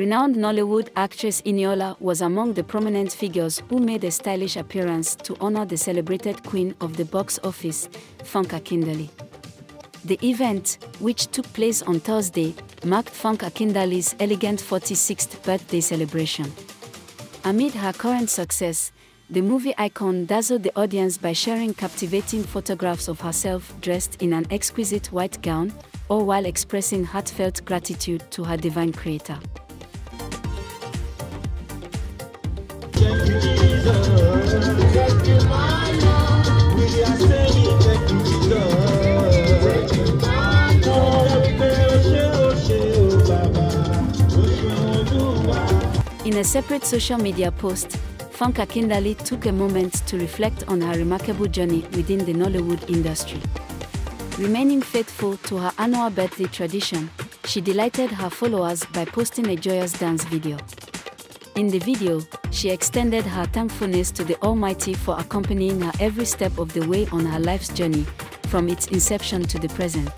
Renowned Nollywood actress Iniola was among the prominent figures who made a stylish appearance to honor the celebrated queen of the box office, Funka Kindali. The event, which took place on Thursday, marked Funka Kindali's elegant 46th birthday celebration. Amid her current success, the movie icon dazzled the audience by sharing captivating photographs of herself dressed in an exquisite white gown, all while expressing heartfelt gratitude to her divine creator. In a separate social media post, Funka Kindali took a moment to reflect on her remarkable journey within the Nollywood industry. Remaining faithful to her annual birthday tradition, she delighted her followers by posting a joyous dance video. In the video, she extended her thankfulness to the Almighty for accompanying her every step of the way on her life's journey, from its inception to the present.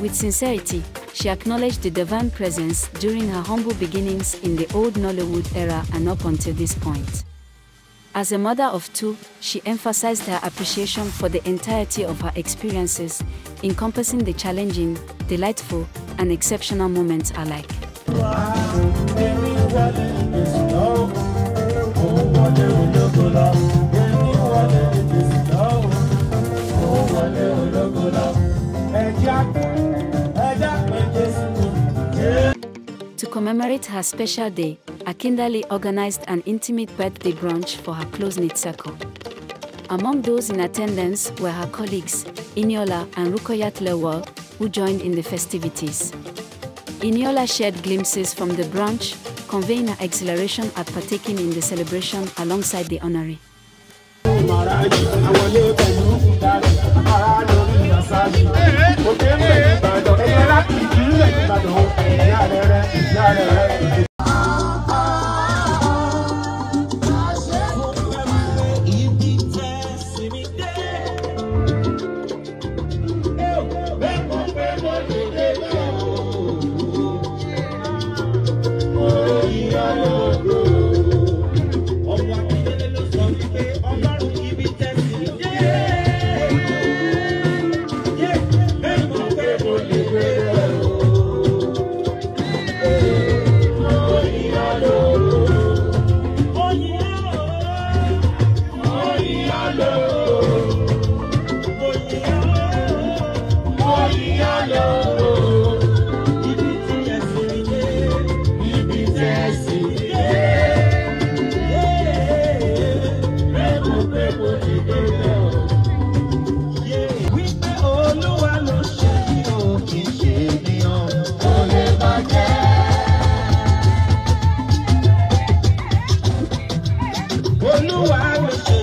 With sincerity, she acknowledged the divine presence during her humble beginnings in the old Nollywood era and up until this point. As a mother of two, she emphasized her appreciation for the entirety of her experiences, encompassing the challenging, delightful, and exceptional moments alike. Wow. commemorate her special day, Akindale organized an intimate birthday brunch for her close-knit circle. Among those in attendance were her colleagues, Iniola and Rukoyat Lewal, who joined in the festivities. Iniola shared glimpses from the brunch, conveying her exhilaration at partaking in the celebration alongside the honoree. ìpínlẹ̀ Ìbàdàn ìyá rẹ̀ rẹ̀ ìyá rẹ̀ rẹ̀. olúwa mi ṣe.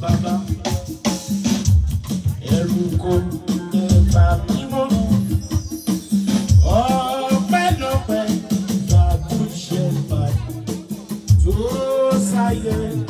bàbá ẹrù kò ní bá mímọ́. ọpẹ́lọpẹ́ bàbá ṣe bàbá tó sáyé.